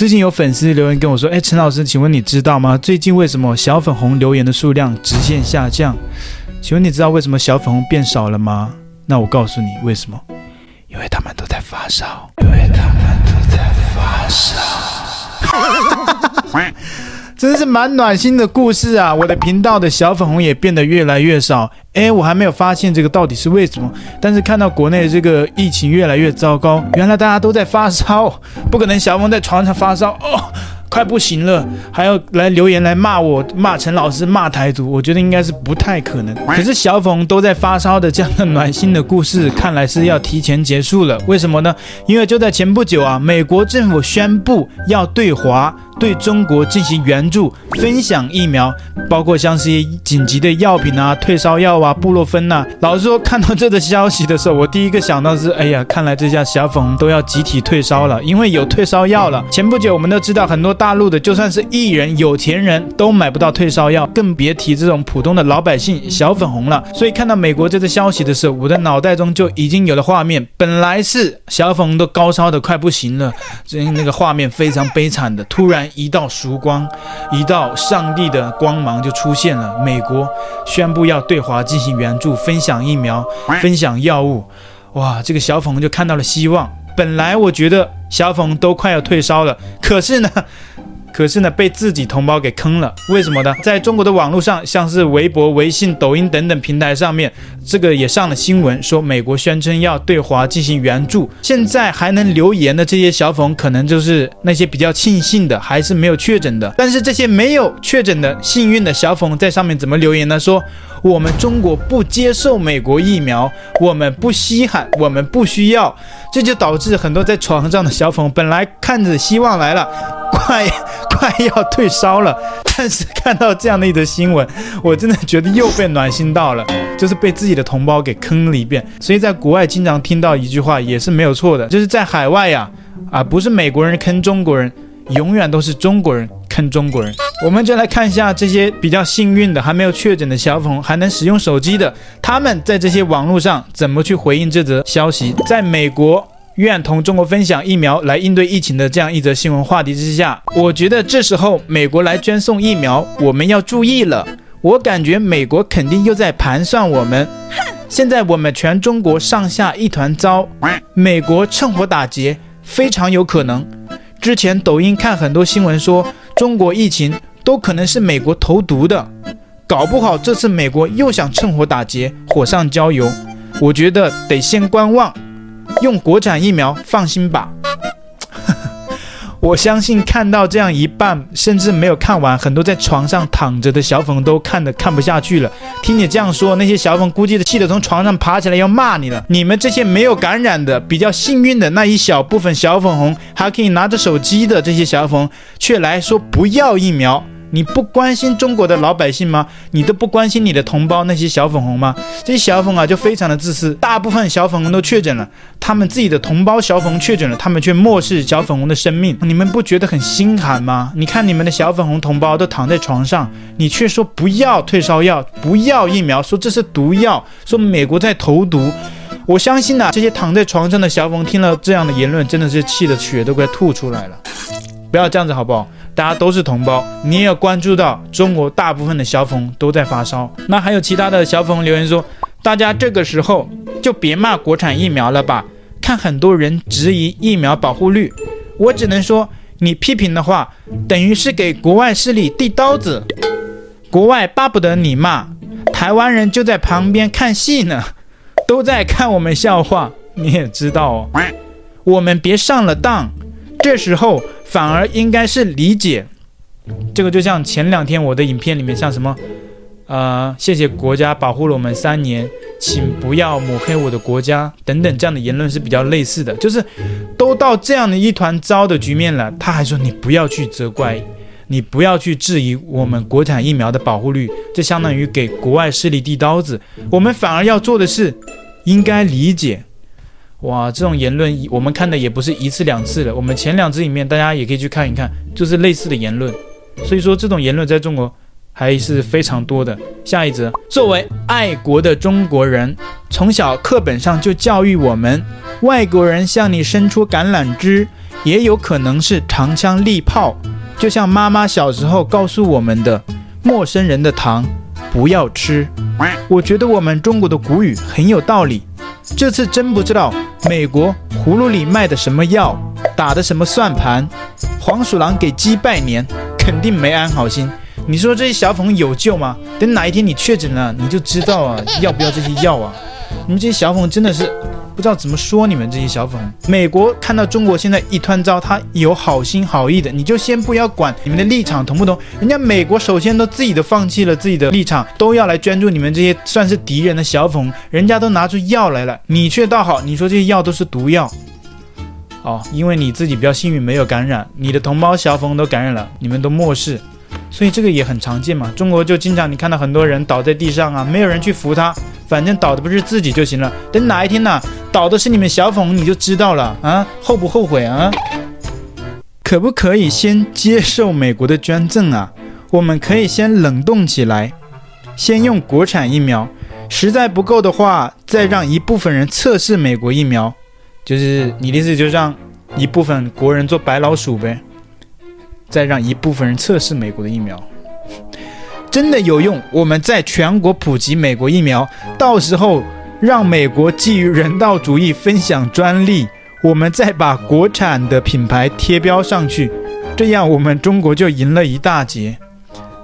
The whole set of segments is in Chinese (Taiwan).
最近有粉絲留言跟我說：“哎，陳老師，請問你知道嗎？最近為什麼小粉紅留言的數量直線下降？請問你知道為什麼小粉紅變少了嗎？那我告訴你，為什麼？因為他們都在發燒。因為他們都在發燒。 ” 真的是蠻暖心的故事啊！我的頻道的小粉紅也變得越來越少。誒，我還沒有發現這個到底是為什麼。但是看到國內這個疫情越來越糟糕，原來大家都在發燒，不可能小粉紅在床上發燒哦，快不行了，還要來留言來罵我，罵陳老師，罵台獨。我覺得應該是不太可能。可是小粉紅都在發燒的這樣的暖心的故事，看來是要提前結束了。為什麼呢？因為就在前不久啊，美國政府宣布要對華。對中國進行援助、分享疫苗，包括像是一些緊急的藥品啊、退燒藥啊、布洛芬吶。老實說，看到這個消息的時候，我第一個想到是：哎呀，看來這下小粉紅都要集體退燒了，因為有退燒藥了。前不久，我們都知道很多大陸的，就算是藝人、有錢人都買不到退燒藥，更別提這種普通的老百姓小粉紅了。所以，看到美國這個消息的時候，我的腦袋中就已經有了畫面：本來是小粉紅都高燒的快不行了，這那個畫面非常悲慘的。突然，一道曙光，一道上帝的光芒就出現了。美國宣布要對華進行援助，分享疫苗，分享藥物。哇，這個小粉紅就看到了希望。本來我覺得小粉紅都快要退燒了，可是呢？可是呢，被自己同胞給坑了，為什麼呢？在中國的網絡上，像是微博、微信、抖音等等平台上面，這個也上了新聞，說美國宣稱要對華進行援助，現在還能留言的這些小粉，可能就是那些比較慶幸的，還是沒有確診的。但是這些沒有確診的幸運的小粉在上面怎麼留言呢？說我們中國不接受美國疫苗，我們不稀罕，我們不需要。這就導致很多在床上的小粉，本來看着希望來了。快快要退燒了，但是看到這樣的一則新聞，我真的覺得又被暖心到了，就是被自己的同胞給坑了一遍。所以在國外經常聽到一句話也是沒有錯的，就是在海外呀，啊，啊不是美國人坑中國人，永遠都是中國人坑中國人。我們就來看一下這些比較幸運的還沒有確診的小粉紅，還能使用手機的，他們在這些網絡上怎麼去回應這則消息？在美國。願同中國分享疫苗來應對疫情的這樣一則新聞話題之下，我覺得這時候美國來捐送疫苗，我們要注意了。我感覺美國肯定又在盤算我們。現在我們全中國上下一團糟，美國趁火打劫非常有可能。之前抖音看很多新聞說中國疫情都可能是美國投毒的，搞不好這次美國又想趁火打劫，火上澆油。我覺得得先觀望。用國產疫苗，放心吧。 我相信看到這樣一半，甚至沒有看完，很多在床上躺着的小粉都看得看不下去了。聽你這樣說，那些小粉估計都氣得從床上爬起來要罵你了。你們這些沒有感染的、比較幸運的那一小部分小粉紅，還可以拿着手機的這些小粉，卻來說不要疫苗。你不關心中國的老百姓嗎？你都不關心你的同胞那些小粉紅嗎？這些小粉啊就非常的自私，大部分小粉紅都確診了，他們自己的同胞小粉紅確診了，他們卻漠視小粉紅的生命，你們不覺得很心寒嗎？你看你們的小粉紅同胞都躺在床上，你卻說不要退燒藥，不要疫苗，說這是毒藥，說美國在投毒，我相信啊，這些躺在床上的小粉紅聽了這樣的言論，真的是氣得血都快吐出來了，不要這樣子好不好？大家都是同胞，你也有關注到中國大部分的小粉都在發燒。那還有其他的小粉留言說，大家這個時候就別罵國產疫苗了吧？看很多人質疑疫苗保護率，我只能說，你批評的話，等於是給國外勢力遞刀子。國外巴不得你罵，台灣人就在旁邊看戲呢，都在看我們笑話，你也知道哦。我們別上了當。這時候反而應該是理解，這個就像前兩天我的影片裡面，像什麼，呃，謝謝國家保護了我們三年，請不要抹黑我的國家等等這樣的言論是比較類似的，就是都到這樣的一團糟的局面了，他還說你不要去責怪，你不要去質疑我們國產疫苗的保護率，這相當於給國外勢力遞刀子，我們反而要做的是應該理解。哇，這種言論我們看的也不是一次兩次了。我們前兩支裡面，大家也可以去看一看，就是類似的言論。所以說，這種言論在中國還是非常多的。下一則，作為愛國的中國人，從小課本上就教育我們：外國人向你伸出橄欖枝，也有可能是長槍利炮。就像媽媽小時候告訴我們的，陌生人的糖不要吃。我覺得我們中國的古語很有道理。這次真不知道美國葫蘆裡賣的什麼藥，打的什麼算盤。黃鼠狼給雞拜年，肯定沒安好心。你說這些小粉有救嗎？等哪一天你確診了，你就知道啊，要不要這些藥啊？你們這些小粉真的是。不知道怎麼說你們這些小粉紅。美國看到中國現在一團糟，他有好心好意的，你就先不要管你們的立場同不同。人家美國首先都自己都放棄了自己的立場，都要來捐助你們這些算是敵人的小粉。人家都拿出藥來了，你卻倒好，你說這些藥都是毒藥。哦，因為你自己比較幸運沒有感染，你的同胞小粉都感染了，你們都漠視。所以這個也很常見嘛，中國就經常你看到很多人倒在地上啊，沒有人去扶他，反正倒的不是自己就行了。等哪一天呢，啊，倒的是你們小粉，你就知道了啊，後不後悔啊？可不可以先接受美國的捐贈啊？我們可以先冷凍起來，先用國產疫苗，實在不夠的話，再讓一部分人測試美國疫苗。就是你的意思，就讓一部分國人做白老鼠唄。再讓一部分人測試美國的疫苗，真的有用。我們在全國普及美國疫苗，到時候讓美國基於人道主義分享專利，我們再把國產的品牌貼標上去，這樣我們中國就贏了一大截。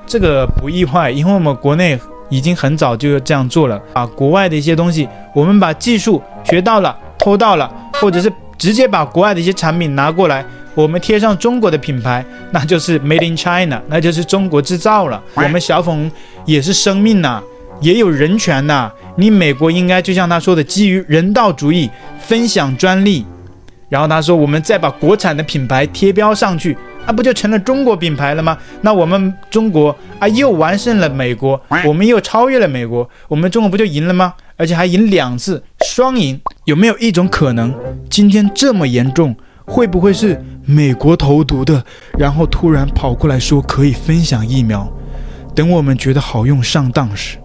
這個不意外，因為我們國內已經很早就這樣做了。把、啊、國外的一些東西，我們把技術學到了、偷到了，或者是直接把國外的一些產品拿過來。我們貼上中國的品牌，那就是 Made in China，那就是中國製造了。我們小粉也是生命吶、啊，也有人權吶、啊。你美國應該就像他說的，基於人道主義分享專利。然後他說，我們再把國產的品牌貼標上去，那不就成了中國品牌了嗎？那我們中國啊，又完勝了美國，我們又超越了美國，我們中國不就贏了嗎？而且還贏兩次，雙贏。有沒有一種可能，今天這麼嚴重？會不會是美國投毒的？然後突然跑過來說可以分享疫苗，等我們覺得好用上當時，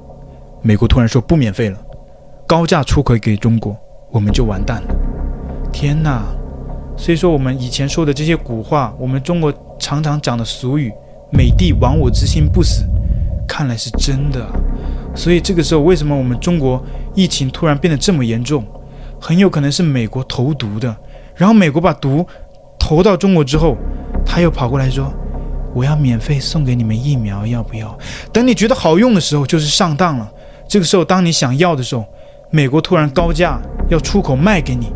美國突然說不免費了，高價出口給中國，我們就完蛋了。天吶，所以說我們以前說的這些古話，我們中國常常講的俗語“美帝亡我之心不死”，看來是真的。所以這個時候，為什麼我們中國疫情突然變得這麼嚴重？很有可能是美國投毒的。然後美國把毒投到中國之後，他又跑過來說：“我要免費送給你們疫苗，要不要？”等你覺得好用的時候，就是上當了。這個時候，當你想要的時候，美國突然高價要出口賣給你，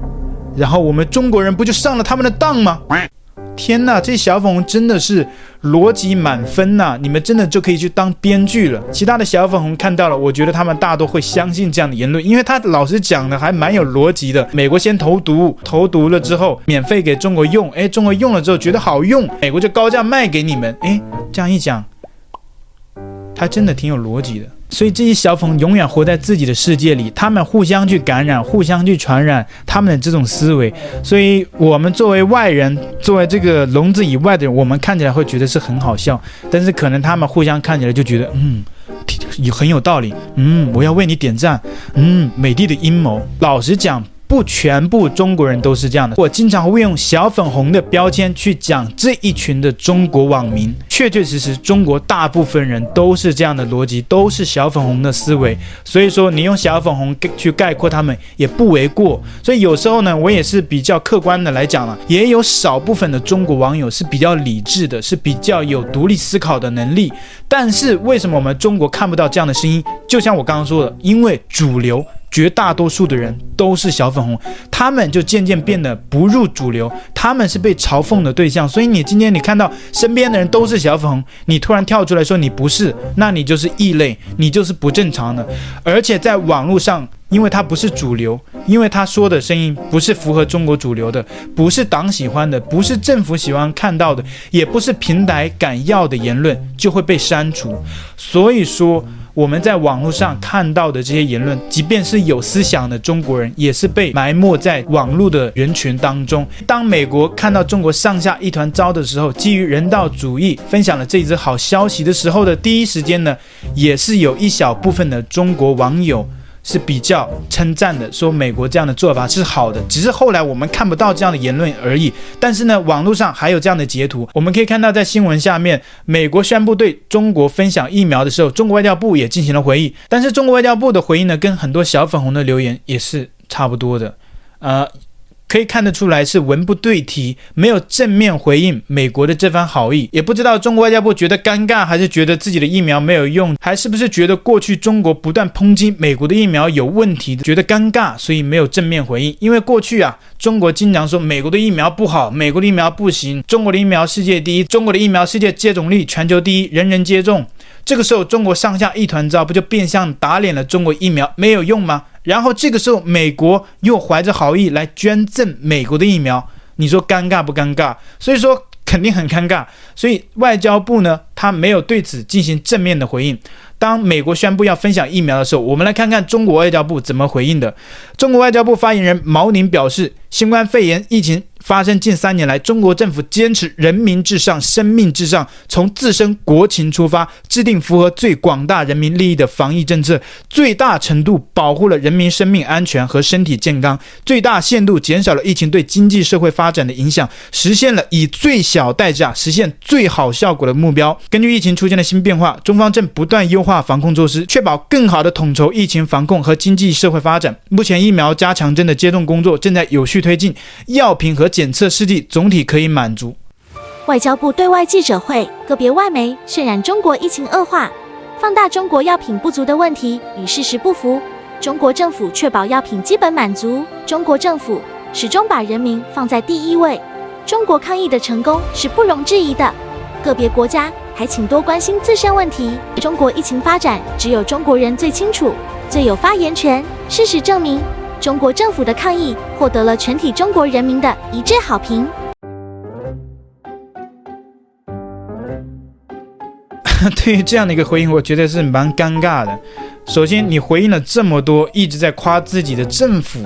然後我們中國人不就上了他們的當嗎？呃。天吶，這小粉紅真的是邏輯滿分吶啊！你們真的就可以去當編劇了。其他的小粉紅看到了，我覺得他們大多會相信這樣的言論，因為他老師講的還蠻有邏輯的。美國先投毒，投毒了之後免費給中國用，哎，中國用了之後覺得好用，美國就高價賣給你們，哎，這樣一講。他真的挺有邏輯的，所以這些小粉永遠活在自己的世界裡，他們互相去感染，互相去傳染他們的這種思維。所以，我們作為外人，作為這個籠子以外的人，我們看起來會覺得是很好笑，但是可能他們互相看起來就覺得，嗯，挺有很有道理，嗯，我要為你點讚，嗯，美帝的陰謀，老實講。不全部中國人都是這樣的，我經常會用小粉紅的標籤去講這一群的中國網民，確確實實中國大部分人都是這樣的邏輯，都是小粉紅的思維，所以說你用小粉紅去概括他們也不為過。所以有時候呢，我也是比較客觀的來講了，也有少部分的中國網友是比較理智的，是比較有獨立思考的能力。但是為什麼我們中國看不到這樣的聲音？就像我剛剛說的，因為主流。絕大多數的人都是小粉紅，他們就漸漸變得不入主流，他們是被嘲諷的對象。所以你今天你看到身邊的人都是小粉紅，你突然跳出來說你不是，那你就是異類，你就是不正常的。而且在網絡上，因為他不是主流，因為他說的聲音不是符合中國主流的，不是黨喜歡的，不是政府喜歡看到的，也不是平台敢要的言論，就會被刪除。所以說，我們在網絡上看到的這些言論，即便是有思想的中國人，也是被埋沒在網絡的人群當中。當美國看到中國上下一團糟的時候，基於人道主義分享了這一則好消息的時候的第一時間呢，也是有一小部分的中國網友。是比較稱讚的，說美國這樣的做法是好的，只是後來我們看不到這樣的言論而已。但是呢，網絡上還有這樣的截圖，我們可以看到，在新聞下面，美國宣布對中國分享疫苗的時候，中國外交部也進行了回應。但是中國外交部的回應呢，跟很多小粉紅的留言也是差不多的，呃可以看得出來是文不對題，沒有正面回應美國的這番好意。也不知道中國外交部覺得尷尬，還是覺得自己的疫苗沒有用，還是不是覺得過去中國不斷抨擊美國的疫苗有問題，覺得尷尬，所以沒有正面回應。因為過去啊，中國經常說美國的疫苗不好，美國的疫苗不行，中國的疫苗世界第一，中國的疫苗世界接種率全球第一，人人接種。這個時候中國上下一團糟，不就變相打臉了中國疫苗沒有用嗎？然後這個時候，美國又懷着好意來捐贈美國的疫苗，你說尷尬不尷尬？所以說肯定很尷尬。所以外交部呢，他沒有對此進行正面的回應。當美國宣布要分享疫苗的時候，我們來看看中國外交部怎麼回應的。中國外交部發言人毛寧表示，新冠肺炎疫情發生近三年來，中國政府堅持人民至上、生命至上，從自身國情出發，制定符合最廣大人民利益的防疫政策，最大程度保護了人民生命安全和身體健康，最大限度減少了疫情對經濟社會發展的影響，實現了以最小代價實現最好效果的目標。根據疫情出現的新變化，中方正不斷優化防控措施，確保更好地統籌疫情防控和經濟社會發展。目前，疫苗加強針的接種工作正在有序推進，藥品和檢測試劑總體可以滿足。外交部對外記者會：個別外媒渲染中國疫情惡化，放大中國藥品不足的問題，與事實不符。中國政府確保藥品基本滿足。中國政府始終把人民放在第一位。中國抗疫的成功是不容置疑的。個別國家還請多關心自身問題。中國疫情發展，只有中國人最清楚。最有發言權。事實證明，中國政府的抗疫獲得了全體中國人民的一致好評。 對於這樣的一個回應，我覺得是蠻尷尬的。首先，你回應了這麼多，一直在誇自己的政府。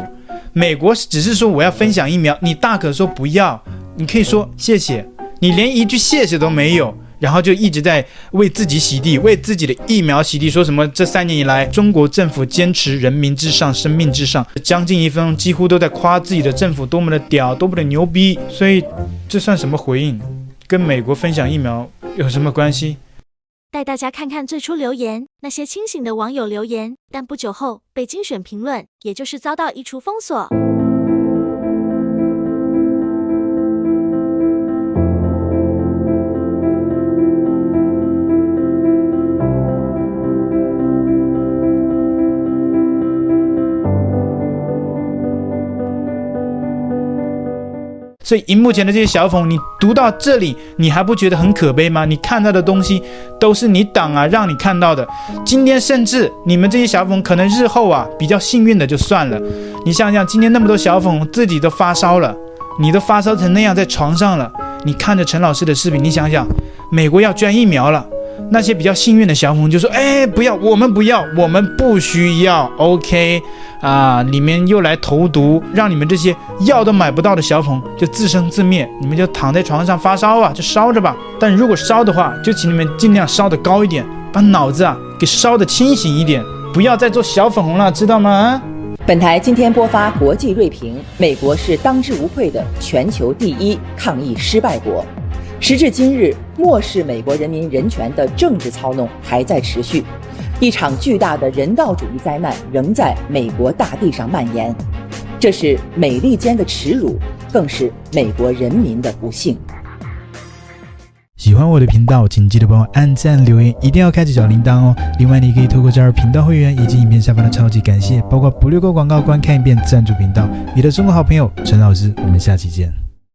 美國只是說我要分享疫苗，你大可說不要，你可以說謝謝，你連一句謝謝都沒有。然後就一直在為自己洗地，為自己的疫苗洗地，說什麼這三年以來中國政府堅持人民至上、生命至上，將近一分鐘幾乎都在誇自己的政府多麼的屌、多麼的牛逼。所以，這算什麼回應？跟美國分享疫苗有什麼關係？帶大家看看最初留言，那些清醒的網友留言，但不久後被精選評論，也就是遭到移除封鎖。所以，熒幕前的這些小粉，你讀到這裡，你還不覺得很可悲嗎？你看到的東西都是你黨啊讓你看到的。今天，甚至你們這些小粉，可能日後啊比較幸運的就算了。你想想，今天那麼多小粉自己都發燒了，你都發燒成那樣，在床上了。你看着陳老師的視頻，你想想，美國要捐疫苗了。那些比較幸運的小粉就說：“哎，不要，我們不要，我們不需要。” OK，啊，你們又來投毒，讓你們這些藥都買不到的小粉就自生自滅，你們就躺在床上發燒啊，就燒着吧。但如果燒的話，就請你們盡量燒得高一點，把腦子啊給燒得清醒一點，不要再做小粉紅了，知道嗎？本台今天播發國際銳評：美國是當之無愧的全球第一抗疫失敗國。時至今日，漠視美國人民人權的政治操弄還在持續，一場巨大的人道主義災難仍在美國大地上蔓延。這是美利堅的恥辱，更是美國人民的不幸。喜歡我的頻道，請記得幫我按讚、留言，一定要開啟小鈴鐺哦。另外，你可以透過加入頻道會員以及影片下方的超級感謝，包括不略過廣告、觀看一遍贊助頻道。你的中國好朋友陳老師，我們下期見。